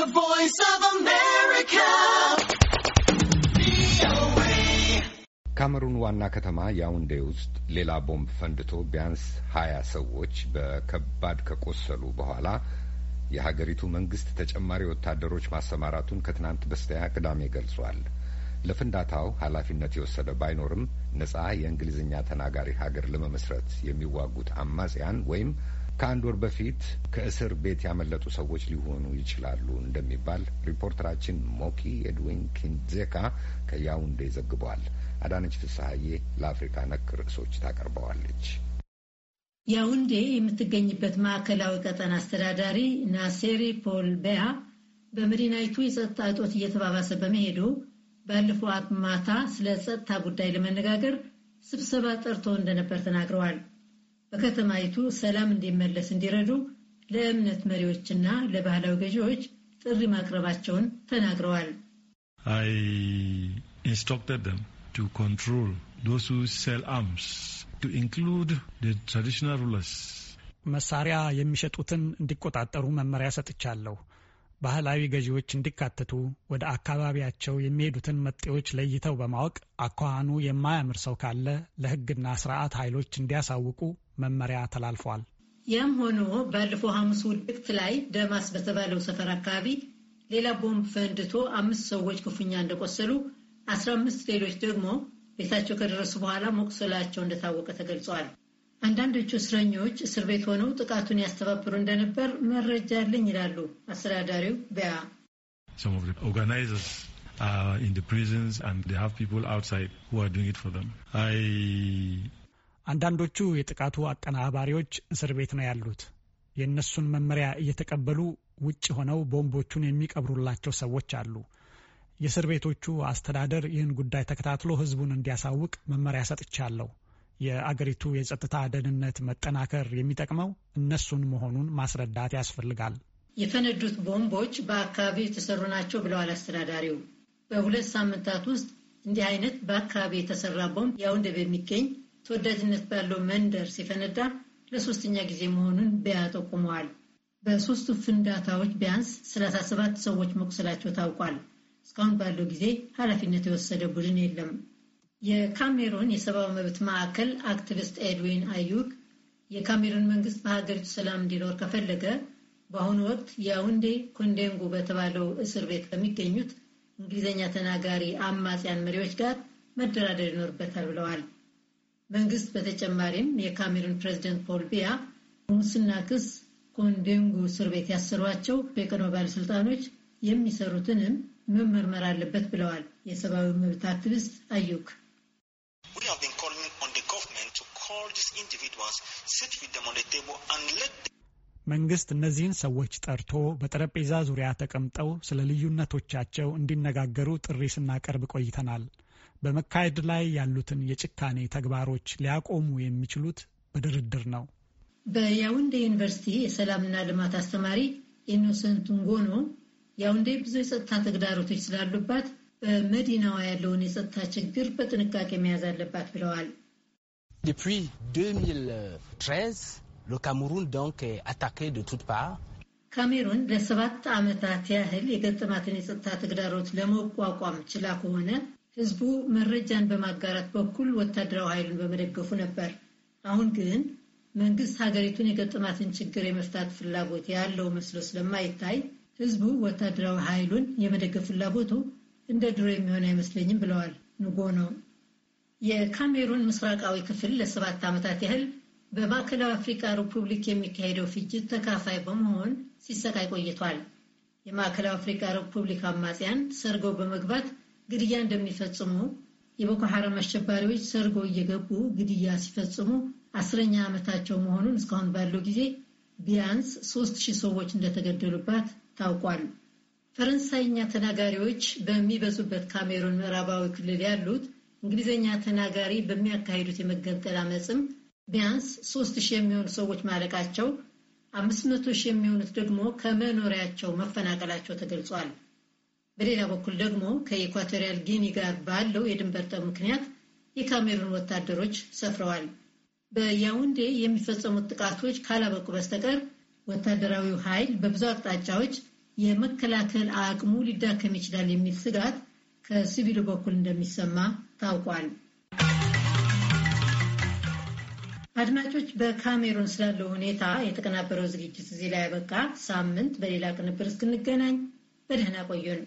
The Voice of America. ካሜሩን ዋና ከተማ ያውንዴ ውስጥ ሌላ ቦምብ ፈንድቶ ቢያንስ ሀያ ሰዎች በከባድ ከቆሰሉ በኋላ የሀገሪቱ መንግስት ተጨማሪ ወታደሮች ማሰማራቱን ከትናንት በስቲያ ቅዳሜ ገልጿል። ለፍንዳታው ኃላፊነት የወሰደ ባይኖርም ነጻ የእንግሊዝኛ ተናጋሪ ሀገር ለመመስረት የሚዋጉት አማጽያን ወይም ከአንድ ወር በፊት ከእስር ቤት ያመለጡ ሰዎች ሊሆኑ ይችላሉ እንደሚባል ሪፖርተራችን ሞኪ ኤድዊን ኪንዜካ ከያውንዴ ዘግቧል። አዳነች ፍስሐዬ ለአፍሪካ ነክ ርዕሶች ታቀርበዋለች። ያውንዴ የምትገኝበት ማዕከላዊ ቀጠና አስተዳዳሪ ናሴሪ ፖል ቢያ በመዲናይቱ የጸጥታ እጦት እየተባባሰ በመሄዱ ባለፈው አርብ ማታ ስለ ጸጥታ ጉዳይ ለመነጋገር ስብሰባ ጠርቶ እንደነበር ተናግረዋል። በከተማይቱ ሰላም እንዲመለስ እንዲረዱ ለእምነት መሪዎችና ለባህላዊ ገዢዎች ጥሪ ማቅረባቸውን ተናግረዋል። መሳሪያ የሚሸጡትን እንዲቆጣጠሩ መመሪያ ሰጥቻለሁ። ባህላዊ ገዢዎች እንዲካተቱ ወደ አካባቢያቸው የሚሄዱትን መጤዎች ለይተው በማወቅ አኳኋኑ የማያምር ሰው ካለ ለሕግና ስርዓት ኃይሎች እንዲያሳውቁ መመሪያ ተላልፏል። ያም ሆኖ ባለፈው ሐሙስ ውድቅት ላይ ደማስ በተባለው ሰፈር አካባቢ ሌላ ቦምብ ፈንድቶ አምስት ሰዎች ክፉኛ እንደቆሰሉ፣ አስራ አምስት ሌሎች ደግሞ ቤታቸው ከደረሱ በኋላ መቁሰላቸው እንደታወቀ ተገልጿል። አንዳንዶቹ እስረኞች እስር ቤት ሆነው ጥቃቱን ያስተባብሩ እንደነበር መረጃ አለኝ ይላሉ አስተዳዳሪው በያ አንዳንዶቹ የጥቃቱ አቀናባሪዎች እስር ቤት ነው ያሉት። የእነሱን መመሪያ እየተቀበሉ ውጭ ሆነው ቦምቦቹን የሚቀብሩላቸው ሰዎች አሉ። የእስር ቤቶቹ አስተዳደር ይህን ጉዳይ ተከታትሎ ሕዝቡን እንዲያሳውቅ መመሪያ ሰጥቻለሁ። የአገሪቱ የጸጥታ ደህንነት መጠናከር የሚጠቅመው እነሱን መሆኑን ማስረዳት ያስፈልጋል። የፈነዱት ቦምቦች በአካባቢው የተሰሩ ናቸው ብለዋል አስተዳዳሪው። በሁለት ሳምንታት ውስጥ እንዲህ አይነት በአካባቢ የተሰራ ቦምብ ያውንዴ በሚገኝ ተወዳጅነት ባለው መንደር ሲፈነዳ ለሶስተኛ ጊዜ መሆኑን ቢያ ጠቁመዋል። በሶስቱ ፍንዳታዎች ቢያንስ 37 ሰዎች መቁሰላቸው ታውቋል። እስካሁን ባለው ጊዜ ኃላፊነት የወሰደ ቡድን የለም። የካሜሩን የሰብአዊ መብት ማዕከል አክቲቪስት ኤድዊን አዩግ የካሜሩን መንግስት በሀገሪቱ ሰላም እንዲኖር ከፈለገ በአሁኑ ወቅት ያውንዴ ኮንዴንጉ በተባለው እስር ቤት ከሚገኙት እንግሊዝኛ ተናጋሪ አማጽያን መሪዎች ጋር መደራደር ይኖርበታል ብለዋል። መንግስት በተጨማሪም የካሜሩን ፕሬዚደንት ፖል ቢያ ሙስና ክስ ኮንዴንጎ እስር ቤት ያሰሯቸው የቀድሞ ባለስልጣኖች የሚሰሩትንም መመርመር አለበት ብለዋል የሰብአዊ መብት አክቲቪስት አዩክ። መንግስት እነዚህን ሰዎች ጠርቶ በጠረጴዛ ዙሪያ ተቀምጠው ስለ ልዩነቶቻቸው እንዲነጋገሩ ጥሪ ስናቀርብ ቆይተናል። በመካሄድ ላይ ያሉትን የጭካኔ ተግባሮች ሊያቆሙ የሚችሉት በድርድር ነው። በያውንዴ ዩኒቨርሲቲ የሰላምና ልማት አስተማሪ ኢኖሰንት ንጎኖ ያውንዴ ብዙ የጸጥታ ተግዳሮቶች ስላሉባት በመዲናዋ ያለውን የጸጥታ ችግር በጥንቃቄ መያዝ አለባት ብለዋል። Depuis 2013 le Cameroun donc est attaqué de toutes parts. ካሜሩን ለሰባት ዓመታት ያህል የገጠማትን የጸጥታ ተግዳሮት ለመቋቋም ችላ ከሆነ ህዝቡ መረጃን በማጋራት በኩል ወታደራዊ ኃይሉን በመደገፉ ነበር። አሁን ግን መንግስት ሀገሪቱን የገጠማትን ችግር የመፍታት ፍላጎት ያለው መስሎ ስለማይታይ ህዝቡ ወታደራዊ ኃይሉን የመደገፍ ፍላጎቱ እንደ ድሮ የሚሆን አይመስለኝም ብለዋል ንጎ ነው። የካሜሩን ምስራቃዊ ክፍል ለሰባት ዓመታት ያህል በማዕከላዊ አፍሪካ ሪፑብሊክ የሚካሄደው ፍጅት ተካፋይ በመሆን ሲሰቃይ ቆይቷል። የማዕከላዊ አፍሪካ ሪፑብሊክ አማጽያን ሰርገው በመግባት ግድያ እንደሚፈጽሙ፣ የቦኮ ሐራም አሸባሪዎች ሰርገው እየገቡ ግድያ ሲፈጽሙ አስረኛ ዓመታቸው መሆኑን እስካሁን ባለው ጊዜ ቢያንስ ሶስት ሺህ ሰዎች እንደተገደሉባት ታውቋል። ፈረንሳይኛ ተናጋሪዎች በሚበዙበት ካሜሩን ምዕራባዊ ክልል ያሉት እንግሊዝኛ ተናጋሪ በሚያካሂዱት የመገንጠል አመፅም ቢያንስ ሶስት ሺህ የሚሆኑ ሰዎች ማለቃቸው፣ አምስት መቶ ሺህ የሚሆኑት ደግሞ ከመኖሪያቸው መፈናቀላቸው ተገልጿል። በሌላ በኩል ደግሞ ከኢኳቶሪያል ጊኒ ጋር ባለው የድንበር ጠብ ምክንያት የካሜሩን ወታደሮች ሰፍረዋል። በያውንዴ የሚፈጸሙት ጥቃቶች ካላበቁ በስተቀር ወታደራዊው ኃይል በብዙ አቅጣጫዎች የመከላከል አቅሙ ሊዳከም ይችላል የሚል ስጋት ከሲቪሉ በኩል እንደሚሰማ ታውቋል። አድማጮች፣ በካሜሩን ስላለው ሁኔታ የተቀናበረው ዝግጅት እዚህ ላይ ያበቃ። ሳምንት በሌላ ቅንብር እስክንገናኝ በደህና ቆዩን።